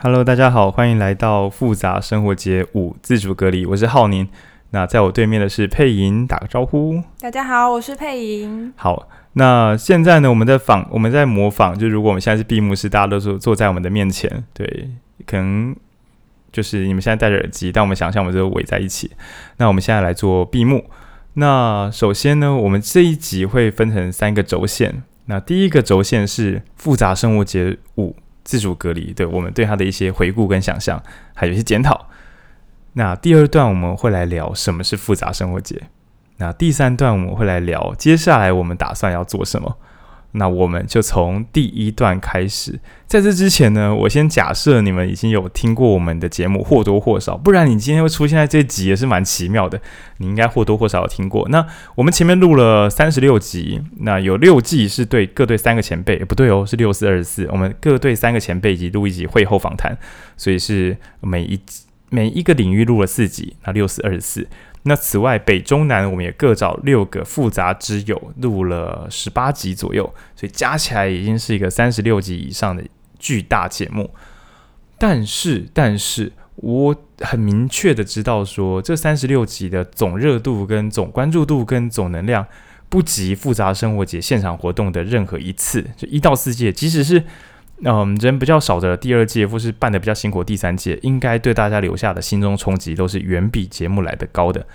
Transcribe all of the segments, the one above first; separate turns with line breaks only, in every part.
Hello，大家好，歡迎來到複雜生活節五自主隔離，我是浩寧。那在我對面的是佩瑩，打個招呼。
大家好，我是佩瑩。
好，那現在呢，我們在仿，我們在模仿，就如果我們現在是閉幕式，大家都是坐在我們的面前，對，可能就是你們現在戴着耳機，但我們想象我們就圍在一起。那我們現在來做閉幕。那首先呢，我們這一集會分成三個軸線。那第一個軸線是複雜生活節五。自主隔離，對我們對他的一些回顧跟想象，還有一些檢討。那第二段我們會來聊什麼是複雜生活節。那第三段我們會來聊接下來我們打算要做什麼。那我們就從第一段開始。在這之前呢，我先假設你們已經有聽過我們的節目，或多或少，不然你今天會出現在這集也是蠻奇妙的。你應該或多或少有聽過。那我們前面錄了三十六集，那有六季是對各隊三個前輩、欸，不對哦、喔，是六四二十四，我們各隊三個前輩以及錄一集會後訪談，所以是每一集每一個領域錄了四集，那六四二十四。那此外，北中南我們也各找六個複雜之友錄了十八集左右，所以加起來已經是一個三十六集以上的巨大節目。但是，但是，我很明確的知道說，說這三十六集的總熱度、跟總關注度、跟總能量，不及複雜生活節現場活動的任何一次，就一到四屆，即使是。那我們人比較少的第二屆，或是辦得比較辛苦的第三屆應該對大家留下的心中衝擊都是遠比節目來的高的。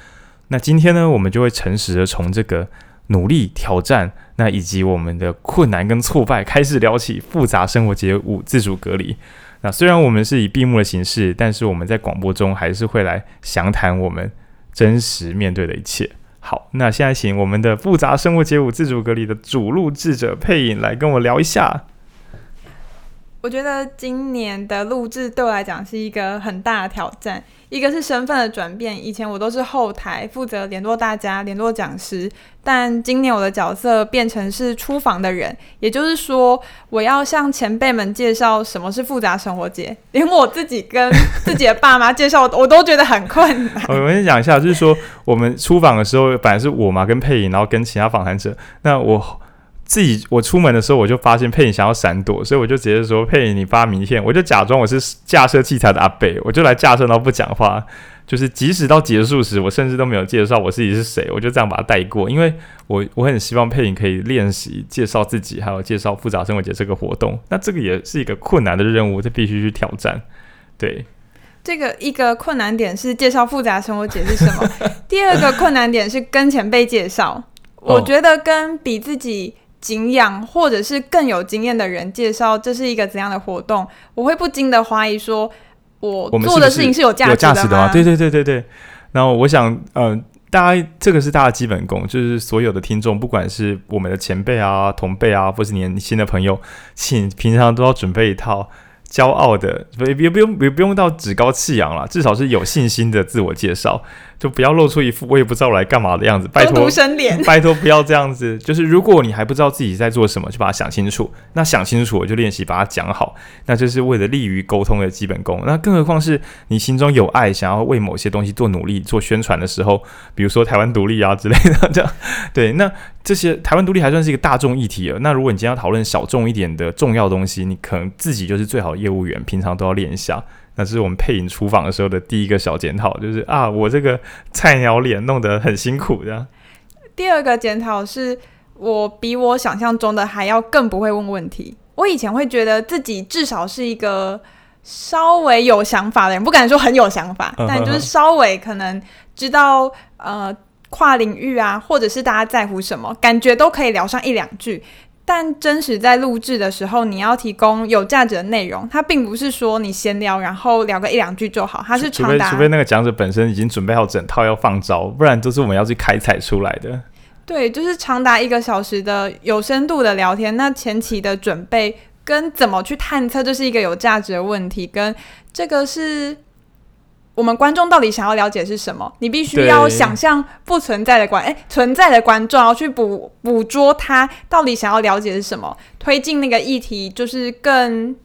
那今天呢，我們就會誠實的從這個努力挑戰，那以及我們的困難跟挫敗開始聊起複雜生活節五自主隔離。那雖然我們是以閉幕的形式，但是我們在廣播中還是會來詳談我們真實面對的一切。好，那現在請我們的複雜生活節五自主隔離的主錄製者佩穎來跟我聊一下。
我覺得今年的錄制對我來講是一個很大的挑戰。一個是身份的轉變，以前我都是後台負責聯絡大家、聯絡講師，但今年我的角色變成是出訪的人，也就是說，我要向前輩們介紹什麼是複雜生活節，連我自己跟自己的爸媽介紹我， 我都覺得很困
難。Okay, 我跟你講一下，就是說我們出訪的時候，本來是我嘛跟佩瑩，然後跟其他訪談者，那我。自己，我出門的時候我就發現佩影想要閃躲，所以我就直接說：“佩影，你發名片。”我就假裝我是架設器材的阿伯，我就來架設到不講話，就是即使到結束時，我甚至都沒有介紹我自己是誰，我就這樣把它帶過。因為我我很希望佩影可以練習介紹自己，還有介紹複雜生活節這個活動。那這個也是一個困難的任務，這必須去挑戰。對，
這個一個困難點是介紹複雜生活節是什麼， 第二個困難點是跟前輩介紹。 我覺得跟比自己。景仰，或者是更有經驗的人介紹這是一個怎樣的活動，我會不禁的懷疑說，我做的事情是有價值的嗎？是是的嗎對對
對對對。然後我想，嗯、呃，大家這個是大家基本功，就是所有的聽眾，不管是我們的前輩啊、同輩啊，或是年輕的朋友，請平常都要準備一套驕傲的，不不不用不不用到趾高氣揚了，至少是有信心的自我介紹。就不要露出一副我也不知道我來幹嘛的樣子，拜托，生拜托不要這樣子。就是如果你還不知道自己在做什麼，就把它想清楚。那想清楚，我就練習把它講好。那就是為了利於溝通的基本功。那更何況是你心中有愛，想要為某些東西做努力、做宣傳的時候，比如說台灣獨立啊之類的，這樣對。那這些台灣獨立還算是一個大眾議題了。那如果你今天要討論小眾一點的重要東西，你可能自己就是最好的業務員，平常都要練一下。那是我們配音出訪的時候的第一個小檢討，就是啊，我這個菜鳥臉弄得很辛苦這樣。
第二個檢討是我比我想象中的還要更不會問問題。我以前會覺得自己至少是一個稍微有想法的人，不敢說很有想法，但就是稍微可能知道 呃跨領域啊，或者是大家在乎什麼，感覺都可以聊上一兩句。但真實在錄製的時候，你要提供有價值的內容。它並不是說你閒聊，然後聊個一兩句就好。它是長達，除，除非
那個講者本身已經準備好整套要放招，不然就是我們要去開採出來的。
對，就是長達一個小時的有深度的聊天。那前期的準備跟怎麼去探測，這是一個有價值的問題。跟這個是。我們觀眾到底想要了解是什麼？你必須要想象不存在的觀，哎對、欸，存在的觀眾，要去捕捕捉他到底想要了解是什麼，推進那個議題，就是更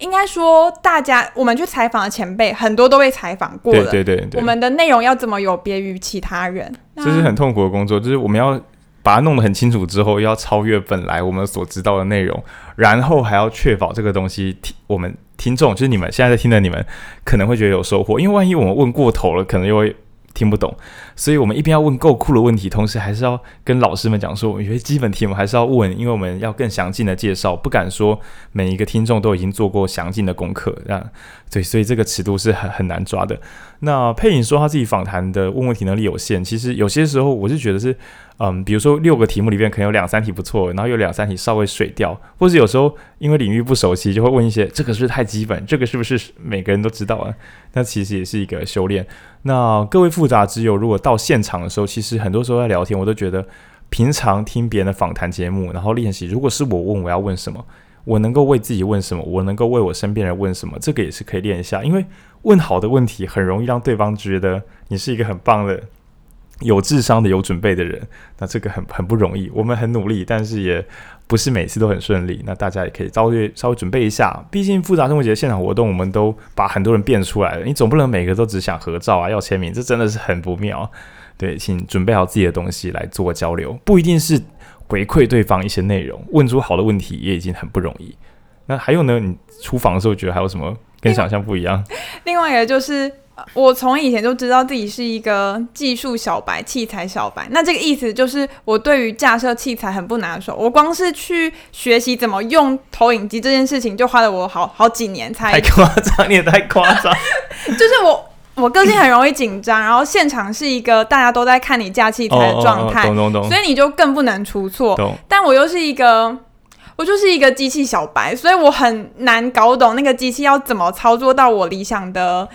應該說，大家我們去採訪的前輩很多都被採訪過了，對對對，我們的內容要怎麼有別於其他人？這是很
痛苦的工作，就是我們要把它弄得很清楚之後，要超越本來我們所知道的內容，然後還要確保這個東西，我們。聽眾就是你們現在在聽的，你們可能會覺得有收穫，因為萬一我們問過頭了，可能又會聽不懂。所以，我們一邊要問夠酷的問題，同時還是要跟老師們講說，有些基本題我們還是要問，因為我們要更詳盡的介紹，不敢說每一個聽眾都已經做過詳盡的功課。啊，對，所以這個尺度是很很難抓的。那佩影說他自己訪談的問問題能力有限，其實有些時候我是覺得是。嗯，比如說六個題目裡面可能有兩三題不錯，然後有兩三題稍微水掉，或者有時候因為領域不熟悉，就會問一些這個是太基本，這個是不是每個人都知道啊？那其實也是一個修煉。那各位複雜之友，如果到現場的時候，其實很多時候在聊天，我都覺得平常聽別人的訪談節目，然後練習，如果是我問我要問什麼，我能夠為自己問什麼，我能夠為我身邊人問什麼，這個也是可以練一下，因為問好的問題，很容易讓對方覺得你是一個很棒的。有智商的、有準備的人，那這個很很不容易。我們很努力，但是也不是每次都很順利。那大家也可以稍微稍微準備一下，畢竟複雜生活節現場活動，我們都把很多人變出來了。你總不能每個都只想合照啊，要簽名，這真的是很不妙。對，請準備好自己的東西來做交流，不一定是回饋對方一些內容，問出好的問題也已經很不容易。那還有呢？你出訪的時候覺得還有什麼跟想象不一樣
另？另外一個就是。我從以前就知道自己是一個技術小白、器材小白。那這個意思就是，我對於架設器材很不拿手。我光是去學習怎麼用投影機這件事情，就花了我好好幾年才。太
誇張，你也太誇張。
就是我，我個性很容易緊張， 然後現場是一個大家都在看你架器材的狀態，懂懂懂。所以你就更不能出錯。懂。但我又是一個，我就是一個機器小白，所以我很難搞懂那個機器要怎麼操作到我理想的。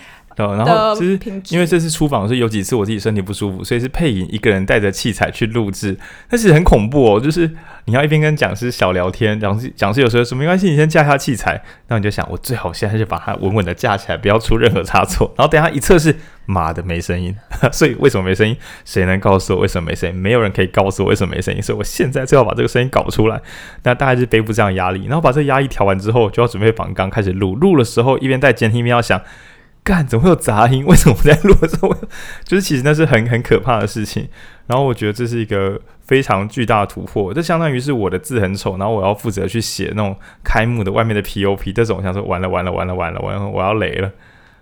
嗯、然後其實因為這次出訪，是有幾次我自己身體不舒服，所以是配音一個人帶着器材去錄製，但是很恐怖哦，就是你要一邊跟講師小聊天，講師講師有時候說沒關係，你先架下器材，那你就想我最好現在就把它穩穩的架起來，不要出任何差錯，然後等一下一測試，媽的沒聲音呵呵，所以為什麼沒聲音？誰能告訴我為什麼沒聲音？沒有人可以告訴我為什麼沒聲音，所以我現在最好把這個聲音搞出來，那大概是背負這樣壓力，然後把這個壓力調完之後，就要準備綁剛開始錄，錄的時候一邊帶監聽一邊要想。幹，怎麼會有雜音？為什麼我在錄的時候，就是其實那是很很可怕的事情。然後我覺得這是一個非常巨大的突破，這相當於是我的字很醜，然後我要負責去寫那種開幕的外面的 POP，這種，我想說完了完了完了完了，我要我要雷了。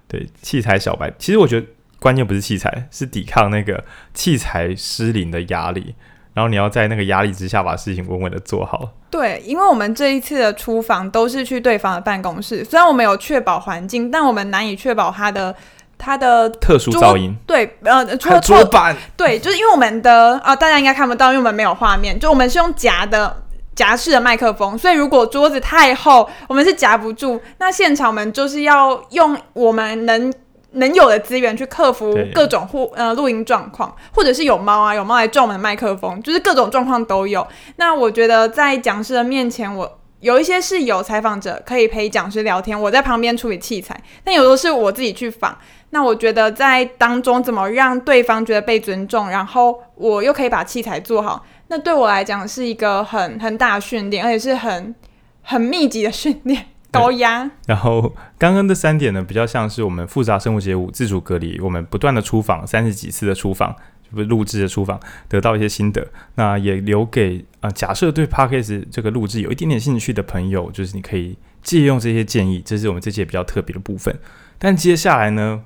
對，器材小白，其實我覺得關鍵不是器材，是抵抗那個器材失靈的壓力。然後你要在那個壓力之下把事情穩穩的做好。
對，因為我們這一次的出訪，都是去對方的辦公室，雖然我們有確保環境，但我們難以確保他的他的特殊噪音。對，呃，桌桌板。對，就是因為我們的啊，大家應該看不到，因為我們沒有畫面，就我們是用夾的夾式的麥克風，所以如果桌子太厚，我們是夾不住。那現場我們就是要用我們能能有的資源去克服各種護耶呃錄音狀況，或者是有貓啊，有貓來撞我們的麥克風，就是各種狀況都有。那我覺得在講師的面前我，我有一些是有採訪者可以陪講師聊天，我在旁邊處理器材，但有的是我自己去訪。那我覺得在當中怎麼讓對方覺得被尊重，然後我又可以把器材做好，那對我來講是一個很很大的訓練，而且是很很密集的訓練。高
壓。然後剛剛這三點呢，比較像是我們複雜生活節五，自主隔離，我們不斷的出訪三十幾次的出訪，就是錄製的出訪，得到一些心得。那也留給啊、呃，假設對 Podcast 這個錄制有一點點興趣的朋友，就是你可以借用這些建議，這是我們這期比較特別的部分。但接下來呢，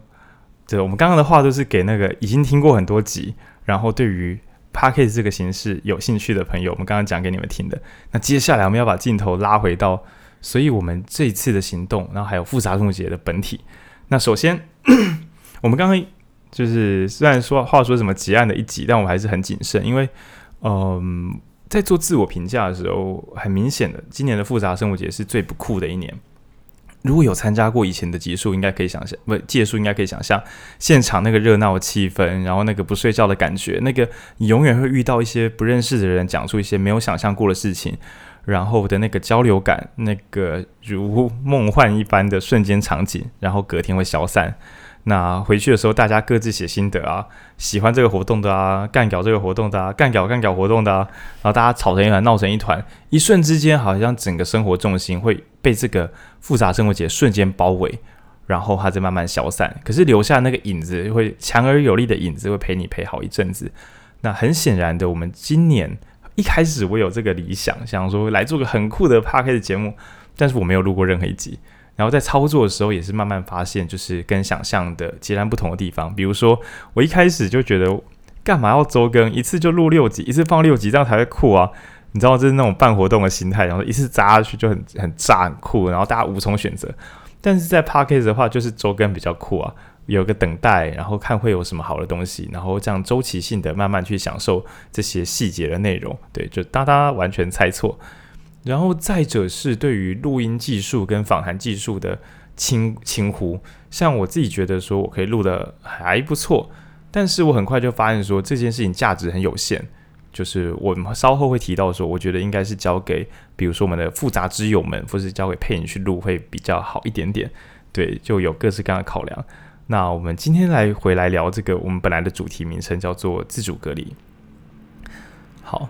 這我們剛剛的話都是給那個已經聽過很多集，然後對於 Podcast 這個形式有興趣的朋友，我們剛剛講給你們聽的。那接下來我們要把鏡頭拉回到。所以，我們這一次的行動，然後還有複雜生活節的本體。那首先，咳咳，我們剛剛就是雖然說話說什麼結案的一集，但我們還是很謹慎，因為，嗯、呃，在做自我評價的時候，很明顯的，今年的複雜生活節是最不酷的一年。如果有參加過以前的集數，應該可以想象，不是屆數，應該可以想象現場那個熱鬧氣氛，然後那個不睡覺的感覺，那個你永遠會遇到一些不認識的人，講述一些沒有想象過的事情。然後的那個交流感，那個如夢幻一般的瞬間場景，然後隔天會消散。那回去的時候，大家各自寫心得啊，喜歡這個活動的啊，幹搞這個活動的啊，幹搞幹搞活動的啊，然後大家吵成一團，鬧成一團，一瞬之間，好像整個生活重心會被這個複雜生活節瞬間包圍，然後它就慢慢消散。可是留下那個影子，會強而有力的影子，會陪你陪好一陣子。那很顯然的，我們今年。一開始我有這個理想，想說來做個很酷的 Podcast 節目，但是我沒有錄過任何一集。然後在操作的時候也是慢慢發現，就是跟想象的截然不同的地方。比如說，我一開始就覺得幹嘛要周更一次就錄六集，一次放六集這樣才會酷啊？你知道這是那種辦活動的心態，然後一次扎下去就很很炸很酷，然後大家無從選擇。但是在 Podcast 的話，就是周更比較酷啊。有個等待，然後看會有什麼好的東西，然後這樣週期性的慢慢去享受這些細節的內容。對，就大家完全猜錯。然後再者是對於錄音技術跟訪談技術的輕輕忽，像我自己覺得說我可以錄得還不錯，但是我很快就發現說這件事情價值很有限。就是我稍後會提到說，我覺得應該是交給，比如說我們的複雜之友們，或是交給配音去錄會比較好一點點。對，就有各式各樣的考量。那我們今天來回來聊這個，我們本來的主題名稱叫做自主隔離。好，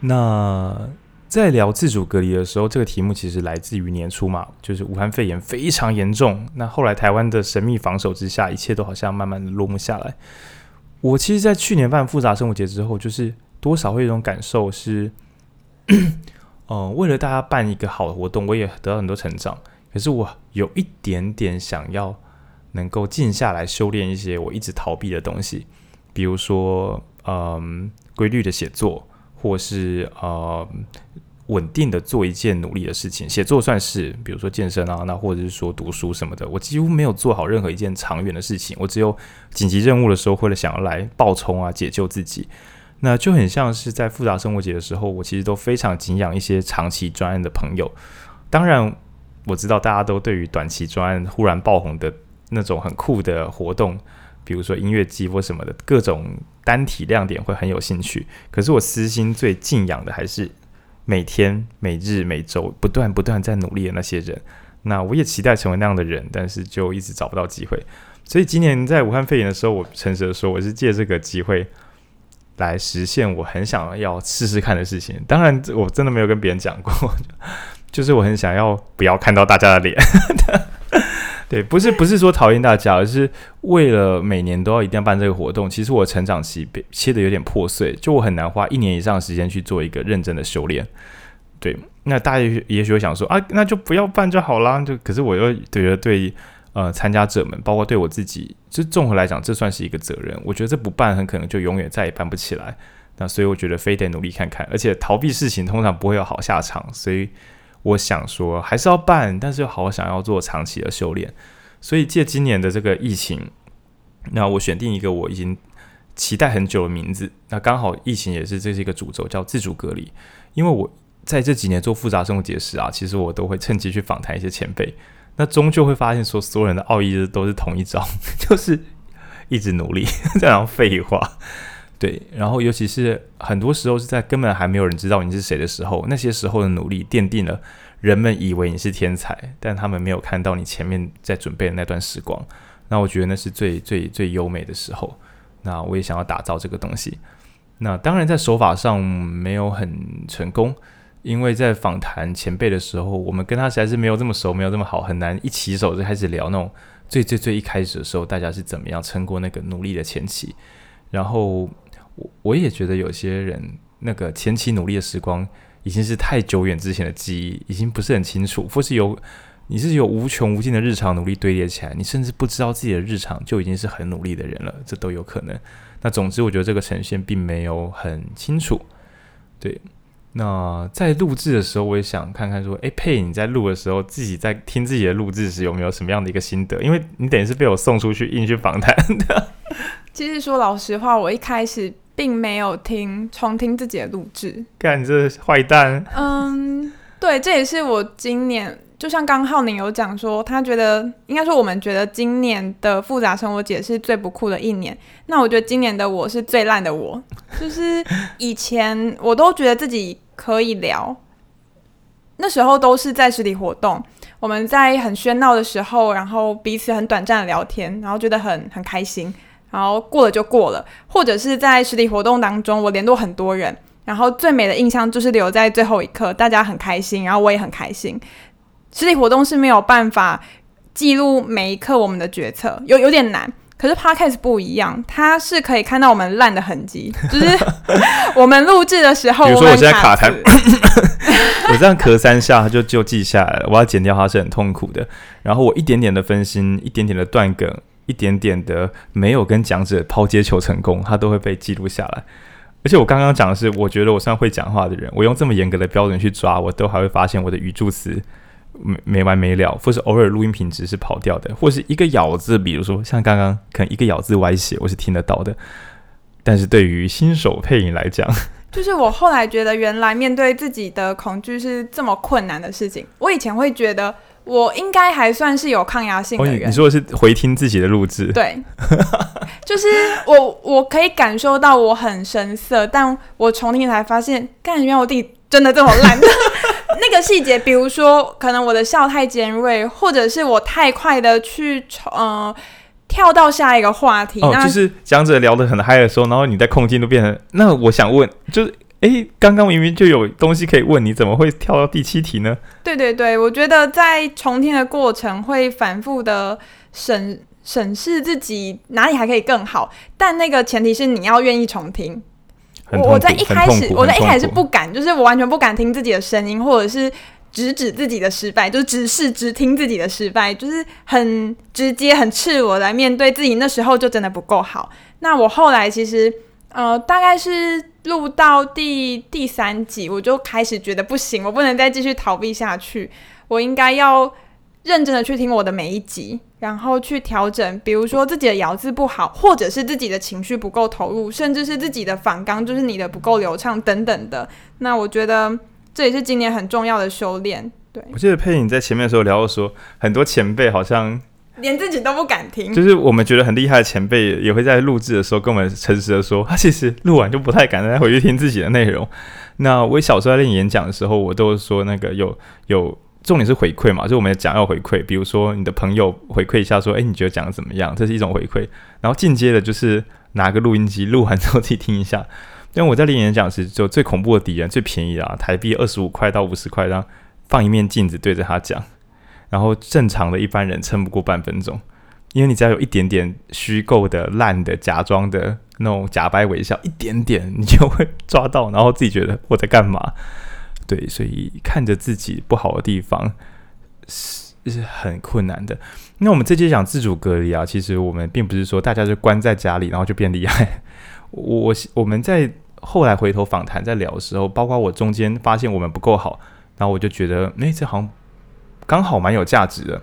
那在聊自主隔離的時候，這個題目其實來自於年初嘛，就是武漢肺炎非常嚴重。那後來台灣的神秘防守之下，一切都好像慢慢的落幕下來。我其實，在去年辦複雜生活節之後，就是多少會有一種感受是，嗯、 呃，為了大家辦一個好的活動，我也得到很多成長。可是我有一點點想要。能夠靜下來修煉一些我一直逃避的東西，比如說嗯規律的寫作，或是呃穩定的做一件努力的事情。寫作算是，比如說健身啊，那或者是說讀書什麼的。我幾乎沒有做好任何一件長遠的事情，我只有緊急任務的時候會了想要來爆衝啊，解救自己。那就很像是在複雜生活節的時候，我其實都非常敬仰一些長期專案的朋友。當然，我知道大家都對於短期專案忽然爆紅的。那種很酷的活動，比如說音樂節或什麼的，各種單體亮點會很有興趣。可是我私心最敬仰的還是每天每日每周不斷不斷在努力的那些人。那我也期待成為那樣的人，但是就一直找不到機會。所以今年在武漢肺炎的時候，我誠實的說，我是借這個機會來實現我很想要試試看的事情。當然，我真的沒有跟別人講過，就是我很想要不要看到大家的臉。 對，不是不是說討厭大家，而是為了每年都要一定要辦這個活動。其實我成長期被切的有點破碎，就我很難花一年以上的時間去做一個認真的修煉。對，那大家也許會想說啊，那就不要辦就好啦。就可是我又覺得對，呃，參加者們，包括對我自己，就綜合來講，這算是一個責任。我覺得這不辦，很可能就永遠再也辦不起來。那所以我覺得非得努力看看，而且逃避事情通常不會有好下場，所以。我想說還是要辦，但是又好想要做長期的修煉，所以借今年的這個疫情，那我選定一個我已經期待很久的名字，那剛好疫情也是這是一個主軸，叫自主隔離。因為我在這幾年做複雜生活節時啊，其實我都會趁機去訪談一些前輩，那終究會發現說所有人的奧義都是同一招，就是一直努力，這樣廢話。對，然後尤其是很多時候是在根本還沒有人知道你是誰的時候，那些時候的努力奠定了人們以為你是天才，但他們沒有看到你前面在準備的那段時光。那我覺得那是最最最優美的時候。那我也想要打造這個東西。那當然在手法上沒有很成功，因為在訪談前輩的時候，我們跟他實在是沒有這麼熟，沒有這麼好，很難一起手就開始聊那種最最最一開始的時候，大家是怎麼樣撐過那個努力的前期，然後。我我也覺得有些人那個前期努力的時光已經是太久遠之前的記憶，已經不是很清楚，或是有你是有無窮無盡的日常努力堆疊起來，你甚至不知道自己的日常就已經是很努力的人了，這都有可能。那總之，我覺得這個呈現並沒有很清楚。對，那在錄製的時候，我也想看看說，哎、欸，佩，你在錄的時候自己在聽自己的錄製時有沒有什麼樣的一個心得？因為你等於是被我送出去硬去訪談的。
其實說老實話，我一開始。並沒有聽重聽自己的錄製，
幹你這壞蛋！嗯，
對，這也是我今年，就像剛浩寧有講說，他覺得應該說，我們覺得今年的複雜生活節是最不酷的一年。那我覺得今年的我是最爛的我，我就是以前我都覺得自己可以聊， 那時候都是在實體活動，我們在很喧鬧的時候，然後彼此很短暫的聊天，然後覺得很很開心。然後過了就過了，或者是在實體活動當中，我聯絡很多人，然後最美的印象就是留在最後一刻，大家很開心，然後我也很開心。實體活動是沒有辦法記錄每一刻我們的決策，有有點難。可是 podcast 不一樣，它是可以看到我們爛的痕跡，就是 我們錄制的時候，比如說我現在卡台，
我這樣咳三下，它就就記下來了。我要剪掉它是很痛苦的，然後我一點點的分心，一點點的斷梗。一點點的沒有跟講者拋接球成功，他都會被記錄下來。而且我剛剛講的是，我覺得我算會講話的人，我用這麼嚴格的標準去抓，我都還會發現我的語助詞沒沒完沒了，或是偶爾錄音品質是跑掉的，或是一個咬字，比如說像剛剛可能一個咬字歪斜，我是聽得到的。但是對於新手配音來講，
就是我後來覺得，原來面對自己的恐懼是這麼困難的事情，我以前會覺得。我應該還算是有抗壓性的人。oh, 你說的是
回聽自己的錄製？對，
就是我，我可以感受到我很生澀，但我重聽才發現，幹，原來我自己真的這麼爛。 那個細節，比如說，可能我的笑太尖銳，或者是我太快的去呃跳到下一個話題。Oh, 那就是
講者聊得很嗨的時候，然後你在空間都變成那，我想問，就是。哎，剛剛明明就有東西可以問，你怎麼會跳到第七題呢？
對對對，我覺得在重聽的過程會反覆的審審視自己哪裡還可以更好，但那個前提是你要願意重聽。很我我在一開始，我在一開始不敢，就是我完全不敢聽自己的聲音，或者是直指自己的失敗，就是只是直聽自己的失敗，就是很直接很赤裸來面對自己。那時候就真的不夠好。那我後來其實。呃，大概是錄到第第三集，我就開始覺得不行，我不能再繼續逃避下去。我應該要認真的去聽我的每一集，然後去調整，比如說自己的咬字不好，或者是自己的情緒不夠投入，甚至是自己的反剛，就是你的不夠流暢等等的。那我覺得這也是今年很重要的修煉。對，
我記得佩影在前面的時候聊到說，很多前輩好像。
連自己都不敢聽，就是
我們覺得很厲害的前輩，也會在錄製的時候跟我們誠實的說，他、啊、其實錄完就不太敢再回去聽自己的內容。那我小時候在練演講的時候，我都說那個有有重點是回饋嘛，就我們講要回饋，比如說你的朋友回饋一下說，說、欸、哎，你覺得講得怎麼樣？這是一種回饋。然後進階的就是拿個錄音機錄完之後自己聽一下。因為我在練演講時，就最恐怖的敵人，最便宜的，啊、台幣二十五塊到五十塊，然後放一面鏡子對着他講。然後正常的一般人撐不過半分鐘，因為你只要有一點點虛構的、爛的、假裝的那種假掰微笑，一點點你就會抓到，然後自己覺得我在幹嘛？對，所以看着自己不好的地方是，是很困難的。那我們這期講自主隔離啊，其實我們並不是說大家就關在家裡，然後就變厲害。我我們在後來回頭訪談在聊的時候，包括我中間發現我們不夠好，然後我就覺得，哎，這好像。剛好蠻有價值的，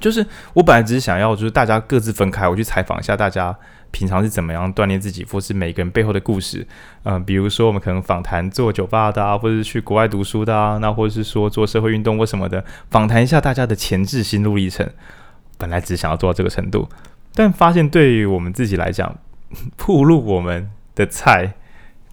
就是我本來只是想要，就是大家各自分開，我去採訪一下大家平常是怎麼樣鍛鍊自己，或是每個人背後的故事嗯、呃，比如說，我們可能訪談做酒吧的、啊，或者去國外讀書的啊，那或者是說做社會運動或什麼的，訪談一下大家的前置心路歷程。本來只想要做到這個程度，但發現對於我們自己來講，鋪路我們的菜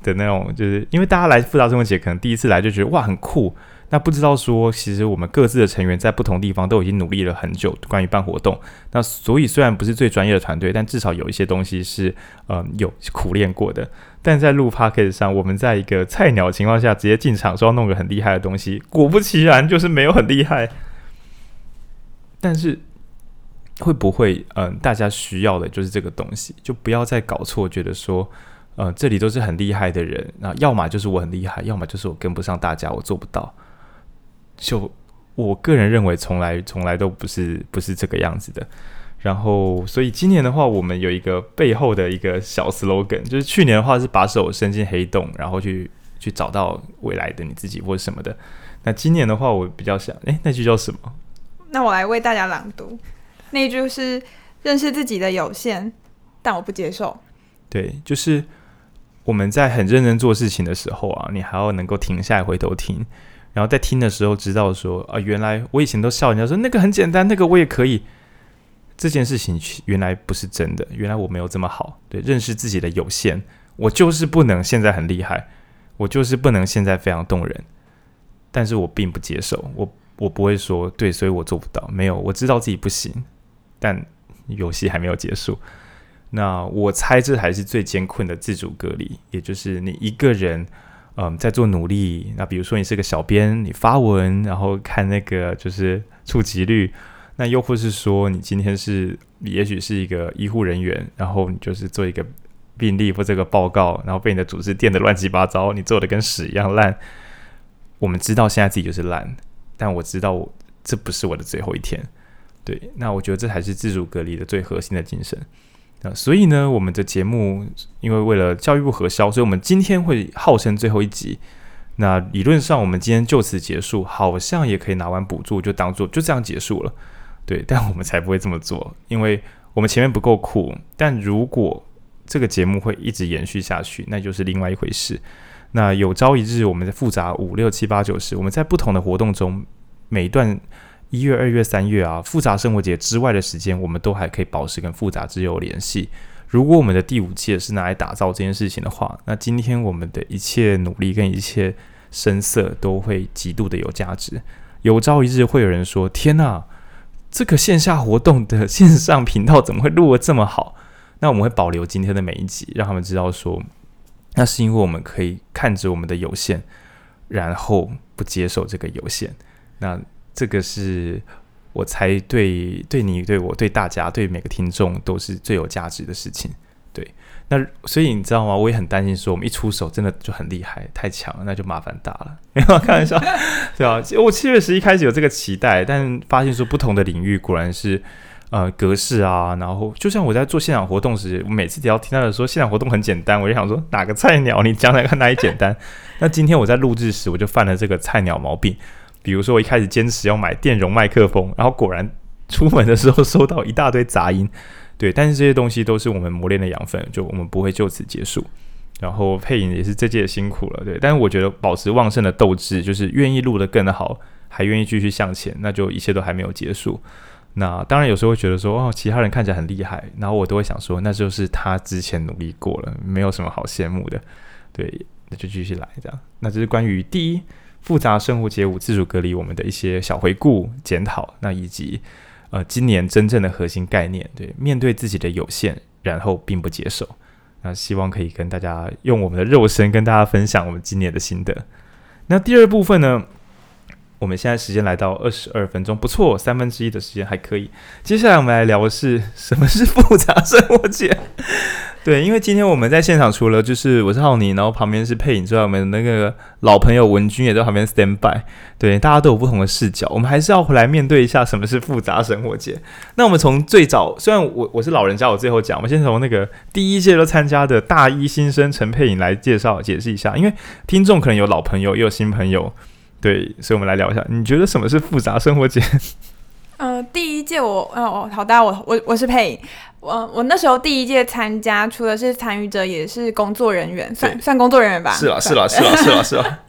的那種，就是因為大家來複雜生活節，可能第一次來就覺得哇，很酷。那不知道說，其實我們各自的成員在不同地方都已經努力了很久，關於辦活動。那所以雖然不是最專業的團隊，但至少有一些東西是，嗯，有苦練過的。但在錄 Podcast 上，我們在一個菜鳥的情況下直接進場，說要弄個很厲害的東西，果不其然就是沒有很厲害。但是會不會，嗯，大家需要的就是這個東西，就不要再搞錯，覺得說，呃、嗯，這裡都是很厲害的人，那、啊、要麼就是我很厲害，要麼就是我跟不上大家，我做不到。就我個人認為，從來從來都不是不是這個樣子的。然後，所以今年的話，我們有一個背後的一個小 slogan，就是去年的話是把手伸進黑洞，然後去去找到未來的你自己或者什麼的。那今年的話，我比較想，哎、欸，那句叫什麼？
那我來為大家朗讀，那句是“認識自己的有限，但我不接受”。
對，就是我們在很認真做事情的時候啊，你還要能夠停下來回頭聽。然後在聽的時候，知道說啊，原來我以前都笑人家說那個很簡單，那個我也可以。這件事情原來不是真的，原來我沒有這麼好。對，認識自己的有限，我就是不能現在很厲害，我就是不能現在非常動人。但是我並不接受，我我不會說對，所以我做不到。沒有，我知道自己不行，但遊戲還沒有結束。那我猜這還是最艱困的自主隔離，也就是你一個人，嗯，在做努力。那比如說，你是個小編，你發文，然後看那個就是觸及率。那又或是說，你今天是，你，也許是一個醫護人員，然後你就是做一個病例或這個報告，然後被你的組織電得亂七八糟，你做的跟屎一樣爛。我們知道現在自己就是爛，但我知道我這不是我的最後一天。對，那我覺得這才是自主隔離的最核心的精神。那所以呢，我們的節目因為為了教育部核銷，所以我們今天會號稱最後一集。那理論上，我們今天就此結束，好像也可以拿完補助就當做就這樣結束了。對，但我們才不會這麼做，因為我們前面不夠酷。但如果這個節目會一直延續下去，那就是另外一回事。那有朝一日，我們在複雜五六七八九十，我們在不同的活動中每一段，一月、二月、三月啊，複雜生活節之外的時間，我們都還可以保持跟複雜之友聯繫。如果我們的第五屆是拿來打造這件事情的話，那今天我們的一切努力跟一切聲色都會極度的有價值。有朝一日會有人說：“天哪，這個線下活動的線上頻道怎麼會錄得這麼好？”那我們會保留今天的每一集，讓他們知道說，那是因為我們可以看着我們的有限，然後不接受這個有限。那。這個是我才對，對你、對我、對大家、對每個聽眾都是最有價值的事情。對，那所以你知道嗎？我也很擔心，說我們一出手真的就很厲害，太強了，那就麻煩大了。沒有，開玩笑， 對吧、啊？我七月十一開始有這個期待，但發現說不同的領域果然是呃格式啊，然後就像我在做現場活動時，我每次只要聽到的說現場活動很簡單，我就想說哪個菜鳥你講哪個哪裡簡單。 那今天我在錄製時，我就犯了這個菜鳥毛病。比如說，我一開始堅持要買電容麥克風，然後果然出門的時候收到一大堆雜音。對，但是這些東西都是我們磨練的養分，就我們不會就此結束。然後配音也是這屆辛苦了，對，但是我覺得保持旺盛的鬥志，就是願意錄得更好，還願意繼續向前，那就一切都還沒有結束。那當然有時候會覺得說，哦，其他人看起來很厲害，然後我都會想說，那就是他之前努力過了，沒有什麼好羨慕的。對，那就繼續來這樣。那這是關於第一。複雜生活節五自主隔離，我們的一些小回顧、檢討，那以及呃，今年真正的核心概念，對，面對自己的有限，然後並不接受。那希望可以跟大家用我們的肉身跟大家分享我們今年的心得。那第二部分呢，我們現在時間來到二十二分鐘，不錯，三分之一的時間還可以。接下來我們來聊的是什麼是複雜生活節。對，因為今天我們在現場，除了就是我是浩寧，然後旁邊是佩穎，之外，我們的那個老朋友文君也在旁邊 stand by。對，大家都有不同的視角，我們還是要回來面對一下什麼是複雜生活節。那我們從最早，雖然我我是老人家，我最後講，我們先從那個第一屆都參加的大一新生陳佩穎來介紹解釋一下，因為聽眾可能有老朋友，也有新朋友，對，所以我們來聊一下，你覺得什麼是複雜生活節？
呃，第一屆我哦哦，好大家我我我是佩我我那時候第一屆參加，除了是參與者，也是工作人員，算對算工作人員吧。是了，是了，是了，是了，是了。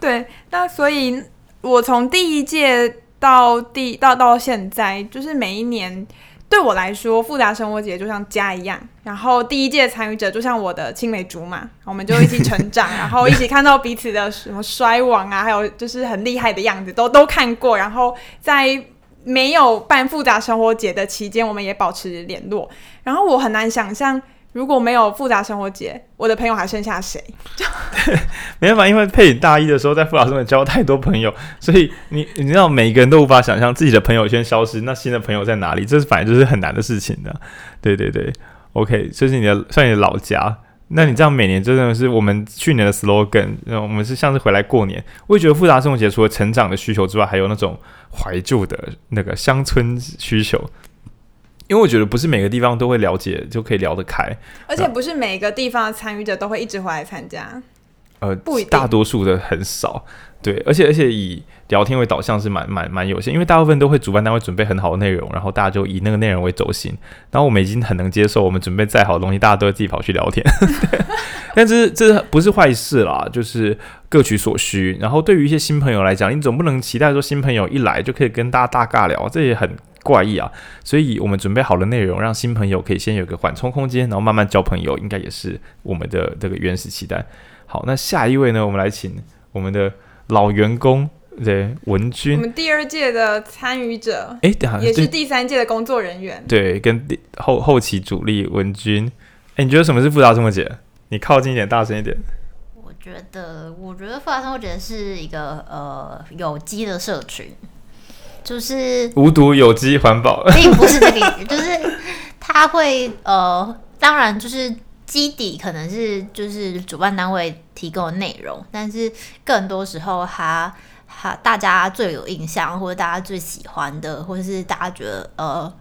對，那所以我從第一屆到第到到現在，就是每一年對我來說，複雜生活節就像家一樣。然後第一屆參與者就像我的青梅竹馬，我們就一起成長， 然後一起看到彼此的什麼衰亡啊，還有就是很厲害的樣子都都看過，然後在。沒有辦複雜生活節的期間，我們也保持聯絡。然後我很難想象，如果沒有複雜生活節，我的朋友還剩下誰？
對，沒辦法，因為配大一的時候在複雜生活交太多朋友，所以你你知道，每一個人都無法想象自己的朋友圈消失，那新的朋友在哪裡？這是反正就是很難的事情的、啊。對對對，OK，這是你的，算你的老家。那你這樣每年真的是我們去年的 slogan，我們是像是回來過年。我也覺得複雜生活節除了成長的需求之外，還有那種懷舊的那個鄉村需求。因為我覺得不是每個地方都會了解，就可以聊得開。而且
不是每個地方的參與者都會一直回來參加。
呃，不一定，大多數的很少。對，而且而且以聊天為導向是蠻蠻蠻有限，因為大部分都會主辦單位準備很好的內容，然後大家就以那個內容為軸心。然後我們已經很能接受，我們準備再好的東西，大家都會自己跑去聊天。 但這是這不是壞事啦，就是各取所需。然後對於一些新朋友來講，你總不能期待說新朋友一來就可以跟大家大尬聊，這也很怪異啊。所以我們準備好的內容，讓新朋友可以先有個緩衝空間，然後慢慢交朋友，應該也是我們的這個原始期待。好，那下一位呢，我們來請我們的。老員工對文君，我們
第二屆的參與者，哎、欸，等一下也是第三屆的工作人員，
對，跟第後後期主力文君。哎、欸，你覺得什麼是複雜生活節？你靠近一點，大聲一點。
我覺得，我覺得複雜生活節是一個呃有機的社群，就是
無毒、有機、環保，並不是這、那個
意思， 就是它會呃，當然就是。基底可能是就是主辦單位提供的內容，但是更多時候，他他大家最有印象，或者大家最喜歡的，或者是大家覺得呃，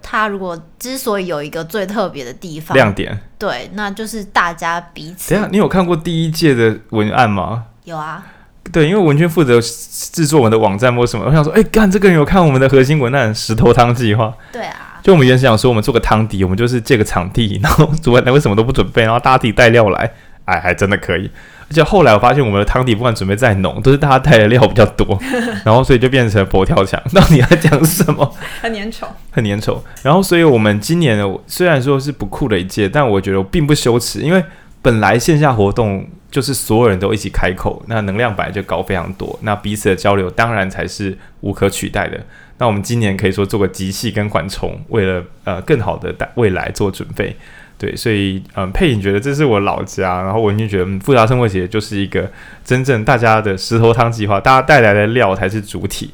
他如果之所以有一個最特別的地方亮點，對，那就是
大家彼此。等下，你有看過第一屆的文案嗎？有啊，對，因為文娟負責製作我們的網站或什麼，我想說，哎、欸，幹這個人有看我們的核心文案《石頭湯計劃》？對啊。就我們原先想說，我們做個湯底，我們就是借個場地，然後主辦方為什麼都不準備，然後大家自己帶料來，哎，還真的可以。而且後來我發現，我們的湯底不管準備再濃，都是大家帶的料比較多， 然後所以就變成佛跳牆。到底要講什麼？
很粘稠，
很粘稠。然後，所以我們今年雖然說是不酷的一屆，但我覺得我並不羞恥，因為本來線下活動就是所有人都一起開口，那能量本來就高非常多，那彼此的交流當然才是無可取代的。那我們今年可以說做個集氣跟緩衝，為了呃更好的未來做準備，對，所以嗯、呃，佩影覺得這是我老家，然後文就覺得、嗯、複雜生活節就是一個真正大家的石頭湯計劃，大家帶來的料才是主體。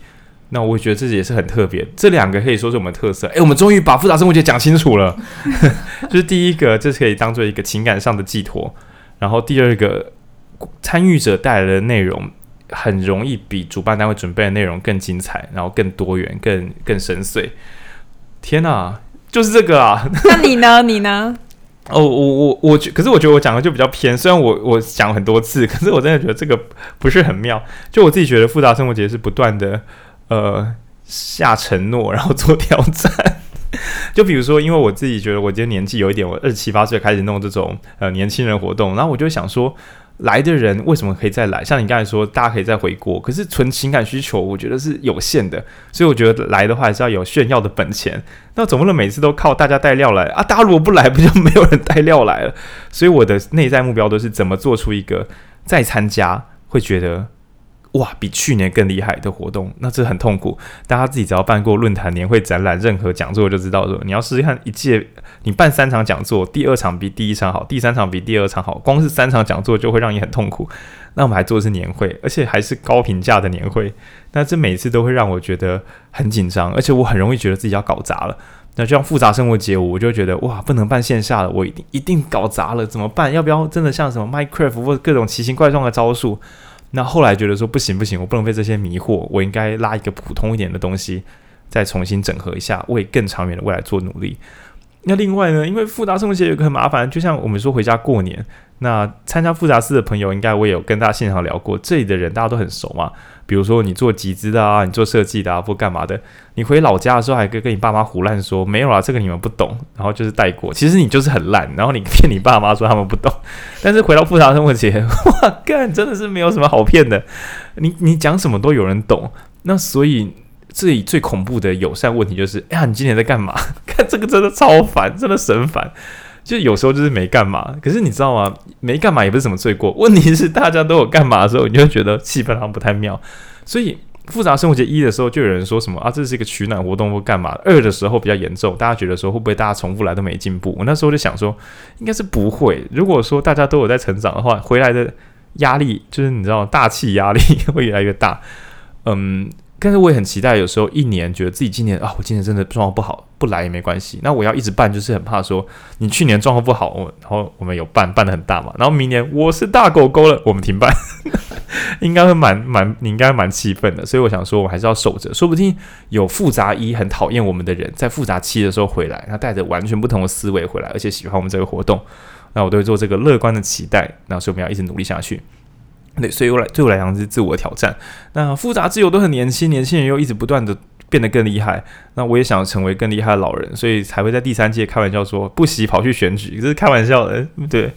那我覺得這也是很特別，這兩個可以說是我們特色。誒、欸，我們終於把複雜生活節講清楚了， 就是第一個，這、就是可以當做一個情感上的寄託，然後第二個參與者帶來的內容。很容易比主辦單位準備的內容更精彩，然後更多元、更更深邃。天哪，就是這個啊！那
你呢？你呢？
哦，我我我覺，可是我覺得我講的就比較偏。雖然我我講很多次，可是我真的覺得這個不是很妙。就我自己覺得，複雜生活節是不斷的呃下承諾，然後做挑戰。就比如說，因為我自己覺得我今天年紀有一點，我二十七八歲開始弄這種呃年輕人活動，然後我就想說。來的人為什麼可以再來？像你剛才說，大家可以再回國，可是純情感需求，我覺得是有限的。所以我覺得來的話還是要有炫耀的本錢。那總不能每次都靠大家帶料來啊！大家如果不來，不就沒有人帶料來了？所以我的內在目標都是怎麼做出一個再參加會覺得。哇，比去年更厲害的活動，那這很痛苦。大家自己只要辦過論壇、年會、展覽、任何講座就知道了。你要試試看一屆，你辦三場講座，第二場比第一場好，第三場比第二場好，光是三場講座就會讓你很痛苦。那我們還做的是年會，而且還是高評價的年會，那這每次都會讓我覺得很緊張，而且我很容易覺得自己要搞砸了。那就像複雜生活節，我就覺得哇，不能辦線下了，我一定一定搞砸了，怎麼辦？要不要真的像什麼 Minecraft 或各種奇形怪狀的招數？那後來覺得說不行不行，我不能被這些迷惑，我應該拉一個普通一點的東西，再重新整合一下，為更長遠的未來做努力。那另外呢，因為複雜生活節有個很麻煩，就像我們說回家過年，那參加複雜市的朋友，應該我也有跟大家現場聊過，這裡的人大家都很熟嘛。比如說你做集資的啊，你做設計的，啊，或幹嘛的，你回老家的時候還，還可以跟你爸媽胡亂說，沒有啊，這個你們不懂，然後就是帶過，其實你就是很爛，然後你騙你爸媽說他們不懂，但是回到複雜生活節，哇，幹真的是沒有什麼好騙的，你你講什麼都有人懂，那所以。最最恐怖的友善問題就是，哎呀，你今年在幹嘛？看這個真的超煩，真的神煩。就有時候就是沒幹嘛，可是你知道嗎？沒幹嘛也不是什麼罪過。問題是大家都有幹嘛的時候，你就會覺得氣氛好像不太妙。所以複雜生活節一的時候，就有人說什麼啊，這是一個取暖活動或幹嘛。二的時候比較嚴重，大家覺得說，會不會大家重複來都沒進步？我那時候就想說，應該是不會。如果說大家都有在成長的話，回來的壓力就是你知道，大氣壓力會越來越大。嗯。但是我也很期待，有時候一年覺得自己今年啊、哦，我今年真的狀況不好，不來也沒關係。那我要一直辦，就是很怕說你去年狀況不好，我然後我們有辦，辦得很大嘛。然後明年我是大狗狗了，我們停辦， 應該會蠻蠻，你應該蠻氣憤的。所以我想說，我還是要守着，說不定有複雜一很討厭我們的人在複雜七的時候回來，他帶着完全不同的思維回來，而且喜歡我們這個活動，那我都會做這個樂觀的期待。那所以我們要一直努力下去。對，所以我來，對我來講是自我的挑戰。那複雜之友都很年輕，年輕人又一直不斷的變得更厲害，那我也想成為更厲害的老人，所以才會在第三屆開玩笑說不惜跑去選舉，這是開玩笑的。對，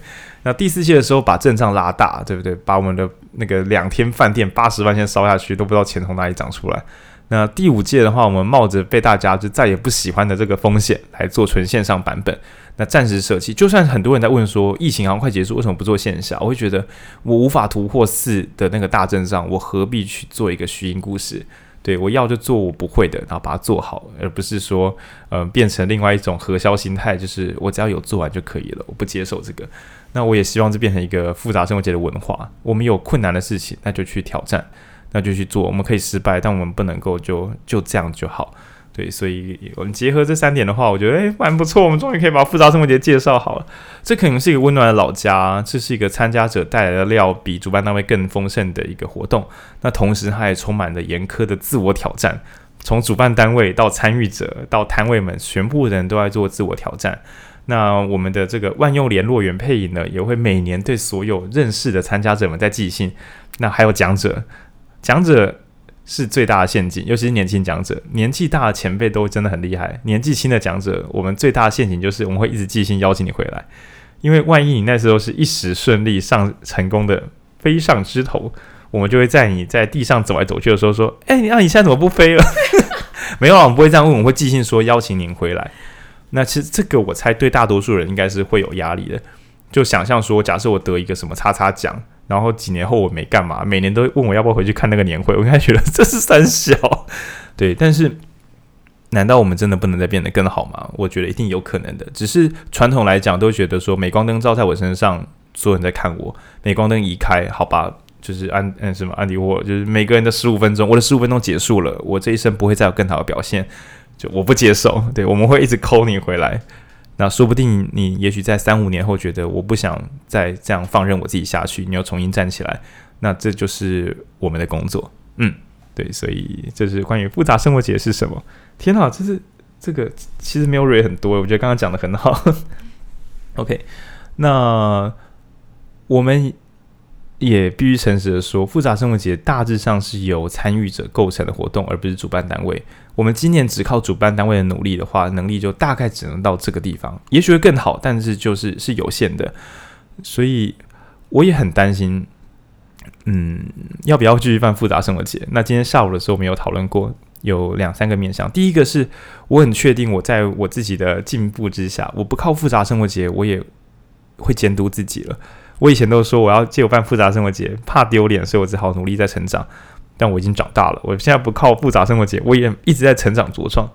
那第四屆的時候把陣仗拉大，對不對？把我們的那個兩天飯店八十萬先燒下去，都不知道錢從哪裡長出來。那第五屆的話，我們冒着被大家就再也不喜歡的這個風險來做純線上版本。那暫時捨棄，就算很多人在問說疫情好像快結束，為什麼不做線下、啊？我會覺得我無法突破四的那個大陣仗，我何必去做一個虛應故事？對，我要就做我不會的，然後把它做好，而不是說，嗯、呃，變成另外一種核銷心態，就是我只要有做完就可以了，我不接受這個。那我也希望這變成一個複雜生活節的文化。我們有困難的事情，那就去挑戰，那就去做。我們可以失敗，但我們不能夠就就這樣就好。對，所以我們結合這三點的話，我覺得誒蠻、欸、不錯。我們終於可以把複雜生活節介紹好了。這可能是一個溫暖的老家，這是一個參加者帶來的料比主辦單位更豐盛的一個活動。那同時，它也充滿了嚴苛的自我挑戰。從主辦單位到參與者到攤位們，全部人都在做自我挑戰。那我們的這個萬用聯絡員配音呢，也會每年對所有認識的參加者們在寄信。那還有講者，講者，是最大的陷阱，尤其是年輕講者。年紀大的前輩都真的很厲害，年紀輕的講者，我們最大的陷阱就是我們會一直寄信邀請你回來，因為萬一你那時候是一時順利上成功的飛上枝頭，我們就會在你在地上走來走去的時候說：“欸，你啊，你現在怎麼不飛了？” 沒有啊，我們不會這樣問，我們會寄信說邀請您回來。那其實這個我猜對大多數人應該是會有壓力的。就想象說，假設我得一個什麼叉叉獎。然後幾年後我沒幹嘛，每年都問我要不要回去看那個年會。我應該覺得這是三小，對。但是，難道我們真的不能再變得更好嗎？我覺得一定有可能的，只是傳統來講都覺得說鎂光燈照在我身上，所有人在看我。鎂光燈移開，好吧，就是安，嗯，什麼安迪沃，就是每個人的十五分鐘，我的十五分鐘結束了，我這一生不會再有更好的表現，就我不接受。對，我們會一直摳你回來。那說不定你也許在三五年後，覺得我不想再這樣放任我自己下去，你要重新站起來，那這就是我們的工作，嗯，對，所以這，就是關於複雜生活節是什麼？天哪，這是這個其實沒有瑞很多，我覺得剛剛講得很好。 OK，那我們。也必須誠實的說，複雜生活節大致上，是由參與者構成的活動，而不是主辦單位。我們今年只靠主辦單位的努力的話，能力就大概只能到這個地方，也許會更好，但是就是是有限的。所以我也很擔心，嗯，要不要繼續辦複雜生活節？那今天下午的時候，我們有討論過，有兩三個面向。第一個是，我很確定，我在我自己的進步之下，我不靠複雜生活節，我也會監督自己了。我以前都說我要借我辦複雜生活節，怕丟臉，所以我只好努力在成長。但我已經長大了，我現在不靠複雜生活節，我也一直在成長茁壯。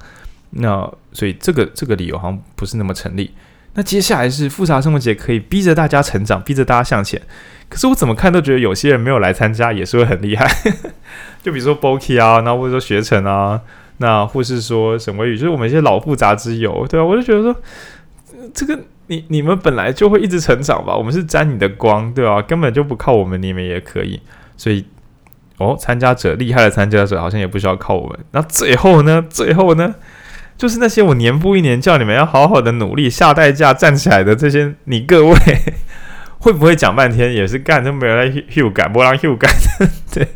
那所以這個這個理由好像不是那麼成立。那接下來是複雜生活節可以逼着大家成長，逼着大家向前。可是我怎麼看都覺得有些人沒有來參加也是會很厲害。 就比如說 Boki 啊，那或者說學成啊，那或是說沈威宇，就是我們一些老複雜之友，對吧、啊？我就覺得說、呃、這個。你你們本來就會一直成長吧，我們是沾你的光，對吧、啊？根本就不靠我們，你們也可以。所以，哦，參加者厲害的參加者好像也不需要靠我們。那最後呢？最後呢？就是那些我年復一年叫你們要好好的努力、下代價站起來的這些你各位，會不會講半天也是幹，都沒有來 H U 感，不讓 H U 感？對，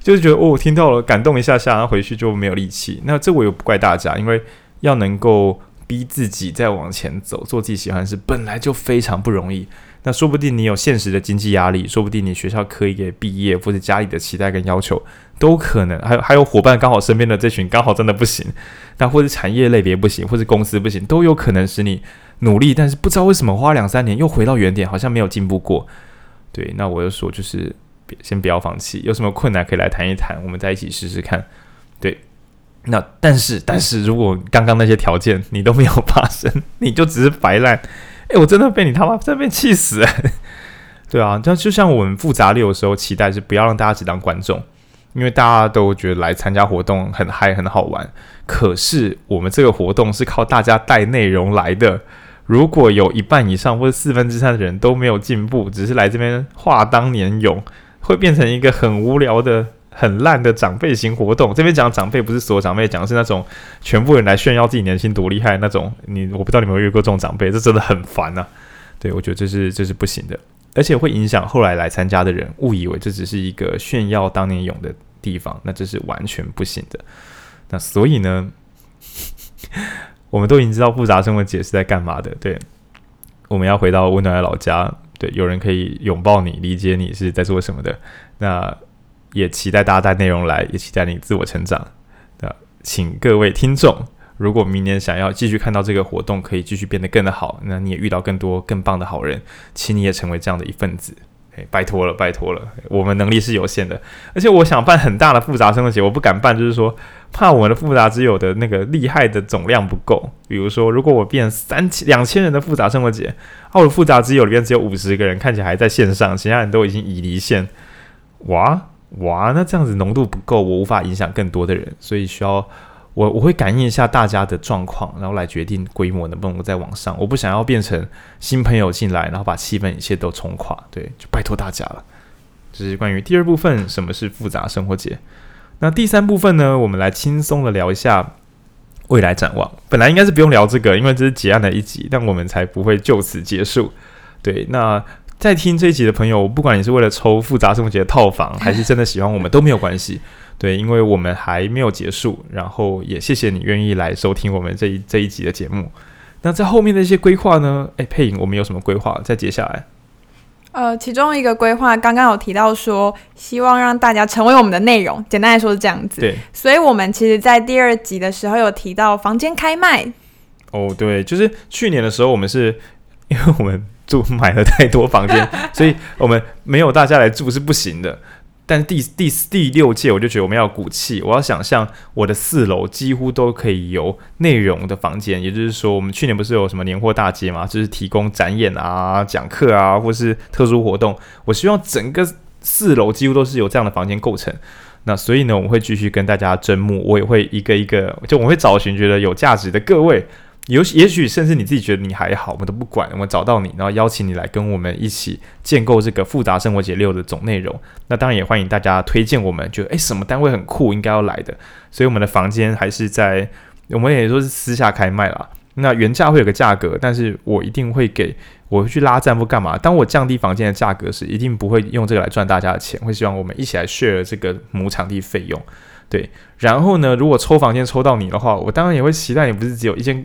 就是覺得哦，聽到了感動一下下，然後回去就沒有力氣。那這我又不怪大家，因為要能夠。逼自己再往前走，做自己喜歡的事本來就非常不容易。那說不定你有現實的經濟壓力，說不定你學校可以給畢業，或者家裡的期待跟要求都可能，還有還有夥伴剛好身邊的這群剛好真的不行，那或者產業類別不行，或者公司不行，都有可能使你努力，但是不知道為什麼花兩三年又回到原點，好像沒有進步過。對，那我就說就是先不要放棄，有什麼困難可以來談一談，我們再一起試試看。那但是但是，但是如果剛剛那些條件你都沒有發生，你就只是白爛。哎、欸，我真的被你他媽在那邊氣死、欸、對啊，像就像我們複雜六的時候，期待是不要讓大家只當觀眾，因為大家都覺得來參加活動很嗨很好玩。可是我們這個活動是靠大家帶內容來的。如果有一半以上或者四分之三的人都沒有進步，只是來這邊話當年勇，會變成一個很無聊的。很爛的長輩型活動。這邊講長輩不是所有長輩，講的是那種全部人來炫耀自己年輕多厲害的那種。你我不知道你有沒有遇過這種長輩，這真的很煩吶、啊。對，我覺得這是這是不行的，而且會影響後來來參加的人誤以為這只是一個炫耀當年勇的地方，那這是完全不行的。那所以呢， 我們都已經知道複雜生活節是在幹嘛的。對，我們要回到溫暖的老家，對，有人可以擁抱你，理解你是在做什麼的。那。也期待大家帶內容來，也期待你自我成長。那請各位聽眾，如果明年想要繼續看到這個活動，可以繼續變得更好，那你也遇到更多更棒的好人，請你也成為這樣的一份子。誒，拜託了，拜託了，我們能力是有限的，而且我想辦很大的複雜生活節，我不敢辦，就是說怕我的複雜之友的那個厲害的總量不夠。比如說，如果我變三千、兩千人的複雜生活節，啊、我的複雜之友裡邊只有五十個人，看起來還在線上，其他人都已經已離線，哇！哇，那這樣子濃度不夠，我無法影響更多的人，所以需要我，我會感應一下大家的狀況，然後來決定規模能不能再往上。我不想要變成新朋友進來，然後把氣氛一切都沖垮。對，就拜託大家了。這、就是關於第二部分，什麼是複雜生活節。那第三部分呢？我們來輕鬆的聊一下未來展望。本來應該是不用聊這個，因為這是結案的一集，但我們才不會就此結束。對，那。在聽這一集的朋友，不管你是為了抽複雜生活節套房，還是真的喜歡我們都沒有關係。 對，因為我們還沒有結束。然後也謝謝你願意來收聽我們這一這一集的節目。那在後面的一些規劃呢？哎、欸，佩穎，我們有什麼規劃再接下來？
呃，其中一個規劃剛剛有提到說，希望讓大家成為我們的內容。簡單來說是這樣子。對。所以我們其實，在第二集的時候有提到房間開賣。
哦，對，就是去年的時候，我們是因為我們。住買了太多房間，所以我們沒有大家來住是不行的。但第第第六屆，我就覺得我們要鼓氣，我要想象我的四樓幾乎都可以有內容的房間，也就是說，我們去年不是有什麼年貨大街嘛？就是提供展演啊、講課啊，或是特殊活動。我希望整個四樓幾乎都是由這樣的房間構成。那所以呢，我會繼續跟大家徵募，我也會一個一個，就我會找尋覺得有價值的各位。有也許甚至你自己覺得你還好，我們都不管，我們找到你，然後邀請你來跟我們一起建構這個複雜生活節六的總內容。那當然也歡迎大家推薦我們，就誒、欸、什麼單位很酷，應該要來的。所以我們的房間還是在我們也都是私下開賣啦。那原價會有個價格，但是我一定會給我去拉贊助幹嘛。當我降低房間的價格時，一定不會用這個來賺大家的錢，會希望我們一起來 share 這個母場地費用。對，然後呢，如果抽房間抽到你的話，我當然也會期待你，不是只有一間。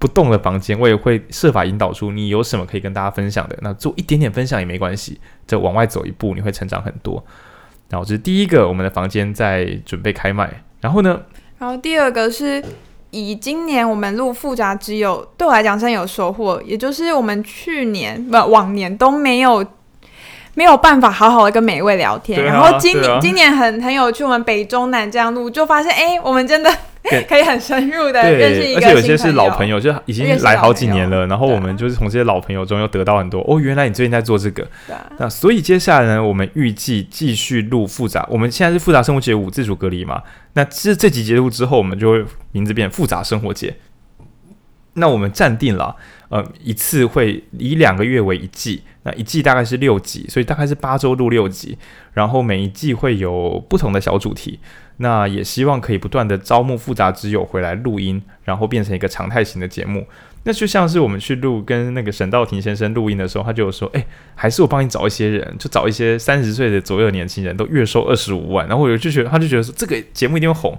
不動的房間，我也會設法引導出你有什麼可以跟大家分享的。那做一點點分享也沒關係，就往外走一步，你會成長很多。然後這是第一個，我們的房間在準備開賣。然後呢，
然後第二個是以今年我們錄複雜之友，對我來講很有收穫，也就是我們去年不往年都沒有沒有辦法好好的跟每一位聊天。啊、然後今年、啊、今年很很有趣，我們北中南這樣錄，就發現哎、欸，我們真的。跟可以很深入的，對，而且有些是老朋友，
朋友就已經來好幾年了。然後我們就是從這些老朋友中又得到很多對哦，原來你最近在做這個。對那所以接下來呢，我們預計繼續錄複雜。我們現在是複雜生活節五自主隔離嘛？那這這集結束之後，我們就會名字變複雜生活節。那我們暫定了，呃，一次會以兩個月為一季，那一季大概是六集，所以大概是八周錄六集。然後每一季會有不同的小主題。那也希望可以不斷的招募複雜之友回來錄音，然後變成一個常態型的節目。那就像是我們去錄跟那個沈道廷先生錄音的時候，他就有說：“哎、欸，還是我幫你找一些人，就找一些三十歲的左右的年輕人，都月收二十五萬。”然後我就覺得，他就覺得說這個節目一定會紅。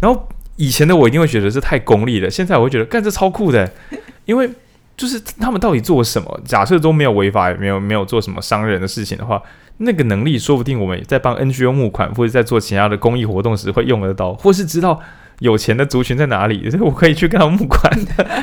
然後以前的我一定會覺得這太功利了，現在我會覺得幹這超酷的，因為就是他們到底做什麼？假設都沒有違法，也沒有沒有做什麼傷人的事情的話。那個能力說不定我們在幫 NGO 募款或者在做其他的公益活動時會用得到，或是知道有錢的族群在哪裡，所以我可以去跟他募款，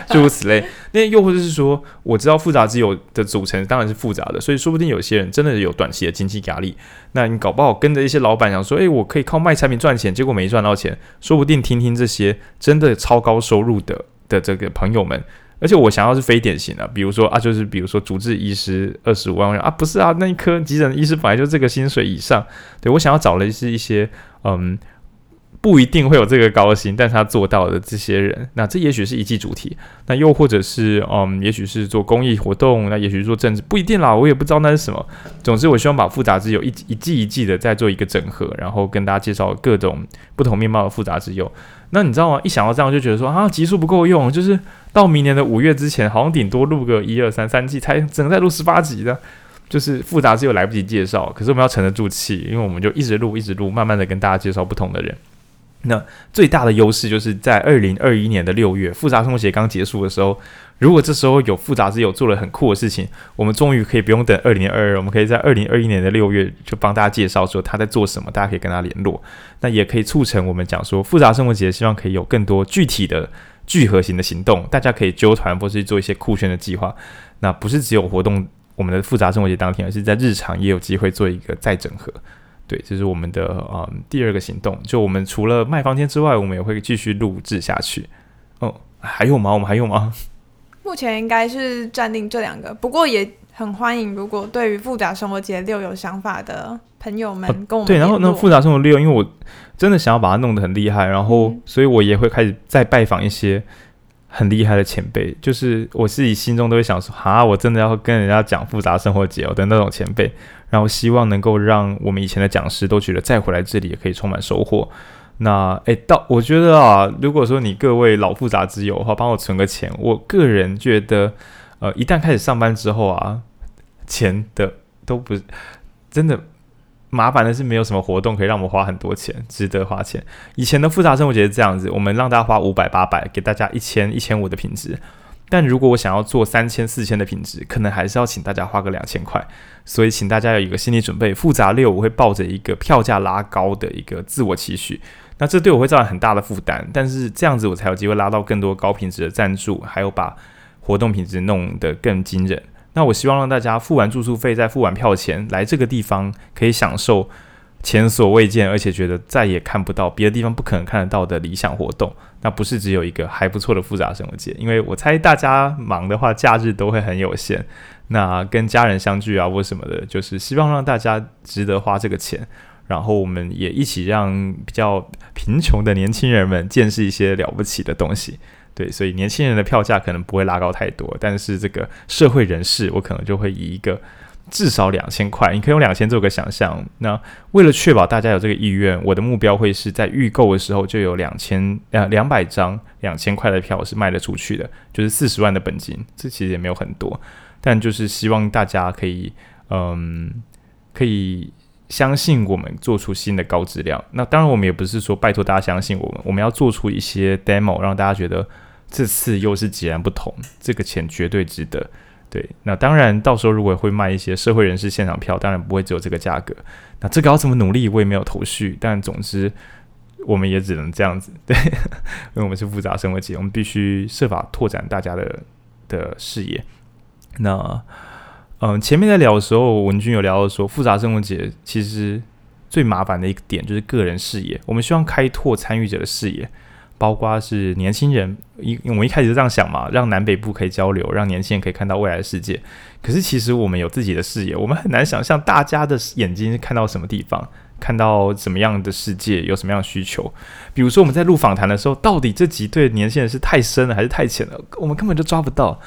諸如 此類。那又或者是說，我知道複雜之友的組成當然是複雜的，所以說不定有些人真的有短期的經濟壓力，那你搞不好跟着一些老闆想說，哎、欸，我可以靠賣產品賺錢，結果沒賺到錢。說不定聽聽這些真的超高收入的的這個朋友們。而且我想要是非典型的，啊，比如說啊，就是比如說主治醫師二十五萬人，啊，不是啊，那一科急診的醫師本來就這個薪水以上，對，我想要找的是一些嗯，不一定會有這個高薪，但是他做到的這些人，那這也許是一季主題，那又或者是嗯，也許是做公益活動，那也許是做政治，不一定啦，我也不知道那是什麼。總之，我希望把複雜之友一一季一季的再做一個整合，然後跟大家介紹各種不同面貌的複雜之友。那你知道嗎？一想到這樣就覺得說啊，集數不夠用，就是到明年的五月之前，好像頂多錄個一二三三季，才只能再錄十八集的，就是複雜是又來不及介紹。可是我們要沉得住氣，因為我們就一直錄，一直錄，慢慢的跟大家介紹不同的人。那最大的優勢就是在二零二一年的六月，複雜生活節剛結束的時候。如果這時候有複雜之友做了很酷的事情，我們終於可以不用等二零二二，我們可以在二零二一年的六月就幫大家介紹說他在做什麼，大家可以跟他聯絡。那也可以促成我們講說複雜生活節，希望可以有更多具體的聚合型的行動，大家可以揪團或是做一些酷炫的計劃。那不是只有活動，我們的複雜生活節當天，而是在日常也有機會做一個再整合。對，這，就是我們的呃、嗯、第二個行動。就我們除了賣房間之外，我們也會繼續錄製下去。嗯、哦，還有嗎？我們還有嗎？
目前應該是暫定這兩個，不過也很歡迎，如果對於複雜生活節六有想法的朋友們，跟我們、啊、對，然後那複
雜生活六，因為我真的想要把它弄得很厲害，然後，嗯、所以我也會開始再拜訪一些很厲害的前輩，就是我自己心中都會想說，哈，我真的要跟人家講複雜生活節、哦，我的那種前輩，然後希望能夠讓我們以前的講師都覺得再回來這裡也可以充滿收穫。那誒、欸，到我覺得啊，如果說你各位老複雜之友的話，幫我存個錢。我個人覺得，呃，一旦開始上班之後啊，錢的都不真的麻煩的是，沒有什麼活動可以讓我們花很多錢，值得花錢。以前的複雜生活節是這樣子，我們讓大家花五百八百，給大家一千一千五的品質。但如果我想要做三千四千的品質，可能還是要請大家花個兩千塊。所以，請大家有一個心理準備，複雜六我會抱着一個票價拉高的一個自我期許。那這對我會造成很大的負擔，但是這樣子我才有機會拉到更多高品質的贊助，還有把活動品質弄得更驚人。那我希望讓大家付完住宿費，再付完票錢來這個地方，可以享受前所未見，而且覺得再也看不到別的地方不可能看得到的理想活動。那不是只有一個還不錯的複雜生活節。因為我猜大家忙的話，假日都會很有限。那跟家人相聚啊，或什麼的，就是希望讓大家值得花這個錢。然後我們也一起讓比較貧窮的年輕人們見識一些了不起的東西。對，所以年輕人的票價可能不會拉高太多，但是這個社會人士，我可能就會以一個至少兩千塊，你可以用兩千做個想象。那為了確保大家有這個意願，我的目標會是在預購的時候就有兩千，啊，兩百張兩千塊的票是賣得出去的，就是四十萬的本金，這其實也沒有很多。但就是希望大家可以，嗯，可以相信我們做出新的高質量。那當然，我們也不是說拜托大家相信我們，我們要做出一些 demo，讓大家覺得這次又是截然不同，這個錢絕對值得。對，那當然，到時候如果會賣一些社會人士現場票，當然不會只有這個價格。那這個要怎麼努力，我也沒有頭緒。但總之，我們也只能這樣子，對， 因為我們是複雜生活節，我們必須設法拓展大家的的視野。那，嗯，前面在聊的時候，文君有聊到說，複雜生活節其實最麻煩的一個點就是個人視野。我們希望開拓參與者的視野，包括是年輕人，因為我們一開始就這樣想嘛，讓南北部可以交流，讓年輕人可以看到未來的世界。可是其實我們有自己的視野，我們很難想象大家的眼睛看到什麼地方，看到什麼樣的世界，有什麼樣的需求。比如說我們在錄訪談的時候，到底這集對年輕人是太深了還是太淺了，我們根本就抓不到。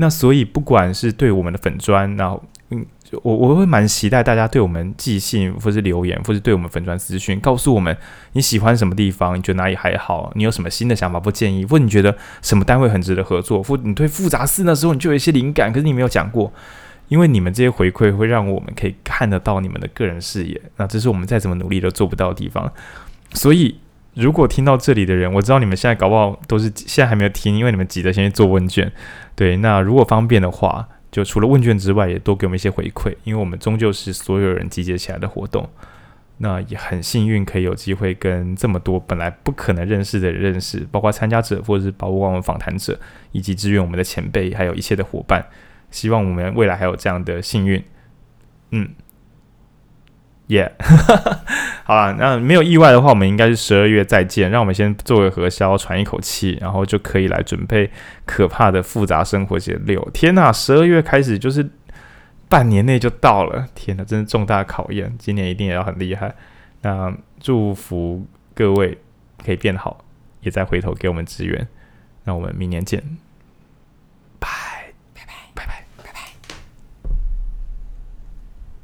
那所以，不管是對我們的粉專，然後嗯，我我會蠻期待大家對我們寄信，或是留言，或是對我們粉專資訊，告訴我們你喜歡什麼地方，你覺得哪裡還好，你有什麼新的想法或建議，或你覺得什麼單位很值得合作，或你對複雜四那時候你就有一些靈感，可是你沒有講過，因為你們這些回饋會讓我們可以看得到你們的個人視野，那這是我們再怎麼努力都做不到的地方，所以。如果聽到這裡的人，我知道你們現在搞不好都是現在還沒有聽，因為你們急着先去做問卷。對，那如果方便的話，就除了問卷之外，也多給我們一些回饋，因為我們終究是所有人集結起來的活動。那也很幸運，可以有機會跟這麼多本來不可能認識的人認識，包括參加者，或者是包括我們訪談者，以及支援我們的前輩，還有一些的夥伴。希望我們未來還有這樣的幸運，嗯。耶，Yeah. 好啊，那沒有意外的話，我們應該是十二月再見。讓我們先做個核銷，喘一口氣，然後就可以來準備可怕的複雜生活節六。天吶！十二月開始就是半年內就到了，天吶，真是重大的考驗。今年一定也要很厲害。那祝福各位可以變好，也再回頭給我們支援。那我們明年見。